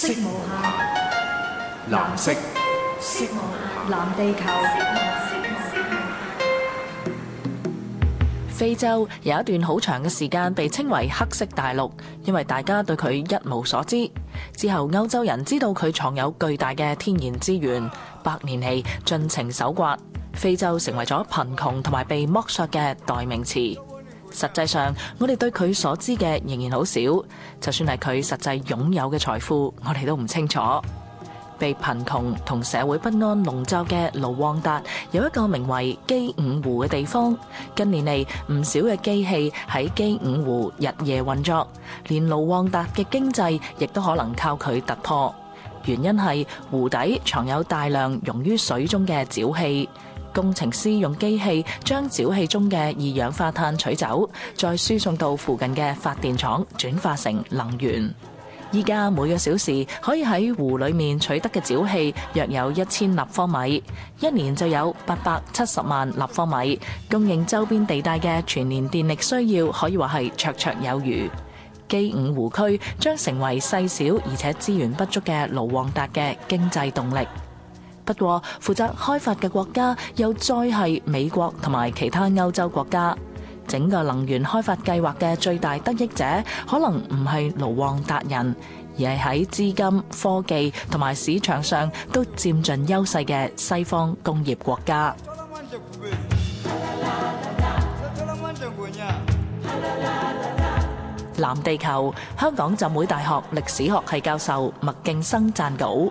色母下，藍色，藍色，色母，藍地球。非洲有一段好長嘅時間被稱為黑色大陸，因為大家對佢一無所知。之後歐洲人知道佢藏有巨大嘅天然資源，百年嚟盡情搜刮，非洲成為咗貧窮同埋被剝削嘅代名詞。實際上，我哋對佢所知嘅仍然好少，就算係佢實際擁有嘅財富，我哋都唔清楚。被貧窮同社會不安籠罩嘅盧旺達，有一個名為基伍湖嘅地方。近年嚟，唔少嘅機器喺基伍湖日夜運作，連盧旺達嘅經濟亦都可能靠佢突破。原因係湖底藏有大量溶於水中嘅沼氣。工程師用機器將沼氣中嘅二氧化碳取走，再輸送到附近嘅發電廠，轉化成能源。依家每個小時可以喺湖裏面取得嘅沼氣約有一千立方米，一年就有八百七十萬立方米，供應周邊地帶嘅全年電力需要可以話係綽綽有餘。基伍湖區將成為細小而且資源不足嘅盧旺達嘅經濟動力。不過負責開發嘅國家又再係美國同埋其他歐洲國家，整個能源開發計劃嘅最大得益者可能唔係盧旺達人，而係喺資金、科技同埋市場上都佔盡優勢嘅西方工業國家。藍地球，香港浸會大學歷史學系教授麥勁生撰稿。